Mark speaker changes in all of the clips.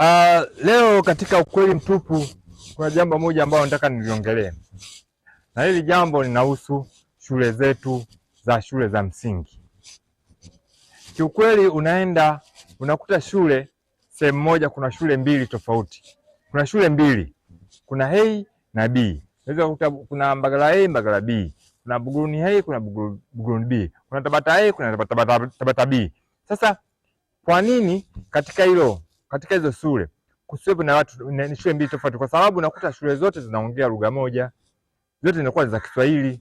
Speaker 1: Uh, leo katika ukweli mtupu kuna jambo moja ambalo nataka niliongelee, na hili jambo linahusu shule zetu za shule za msingi. Kiukweli unaenda unakuta shule sehemu moja, kuna shule mbili tofauti, kuna shule mbili, kuna A na B. Unaweza kukuta kuna Mbagala A, Mbagala B, kuna Buguruni A, kuna Buguruni B, kuna Tabata A, kuna Tabata, Tabata, Tabata B. Sasa kwa nini katika hilo katika hizo shule kusiwepo na watu ni shule mbili tofauti, kwa sababu nakuta shule zote zinaongea lugha moja, zote zinakuwa za Kiswahili.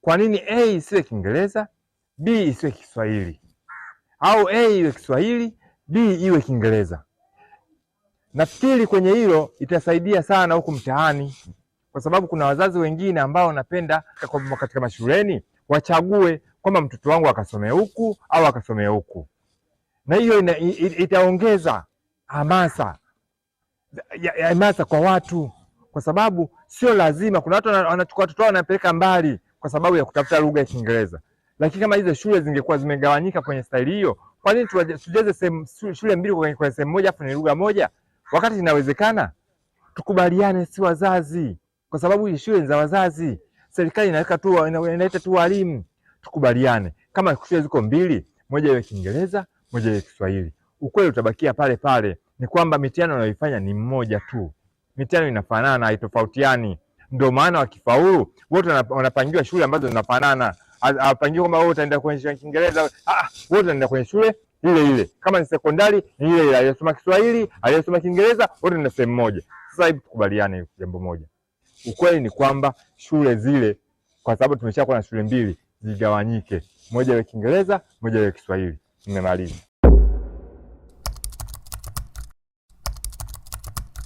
Speaker 1: Kwa nini A isiwe Kiingereza, B isiwe Kiswahili, au A iwe Kiswahili, B iwe Kiingereza? Nafikiri kwenye hilo itasaidia sana huku mtaani, kwa sababu kuna wazazi wengine ambao wanapenda katika mashuleni wachague kwamba mtoto wangu akasomea huku au akasomea huku, na hiyo itaongeza hamasa ya, ya hamasa kwa watu, kwa sababu sio lazima. Kuna watu wanachukua watoto wao wanapeleka mbali kwa sababu ya kutafuta lugha ya Kiingereza, lakini kama hizo shule zingekuwa zimegawanyika kwenye staili hiyo, kwa nini tujeze shule mbili kwenye sehemu moja afu ni lugha moja, wakati inawezekana? Tukubaliane, si wazazi, kwa sababu hii shule ni za wazazi. Serikali inaweka tu, inaita tu walimu. Tukubaliane kama shule ziko mbili, moja iwe Kiingereza, moja iwe Kiswahili, ukweli utabakia pale pale ni kwamba mitihani wanayoifanya ni mmoja tu, mitihani inafanana, haitofautiani. Ndio maana wakifaulu wote wanapangiwa shule ambazo zinafanana, hawapangiwi kwamba wewe utaenda kwenye shule ya Kiingereza. Ah, wote wanaenda kwenye shule ile ile, kama ni sekondari ni ile ile, aliyesoma Kiswahili, aliyesoma Kiingereza, wote ni sehemu moja. Sasa hivi tukubaliane jambo moja, ukweli ni kwamba shule zile, kwa sababu tumeshakuwa na shule mbili, zigawanyike, moja ya Kiingereza, moja ya Kiswahili. Nimemaliza.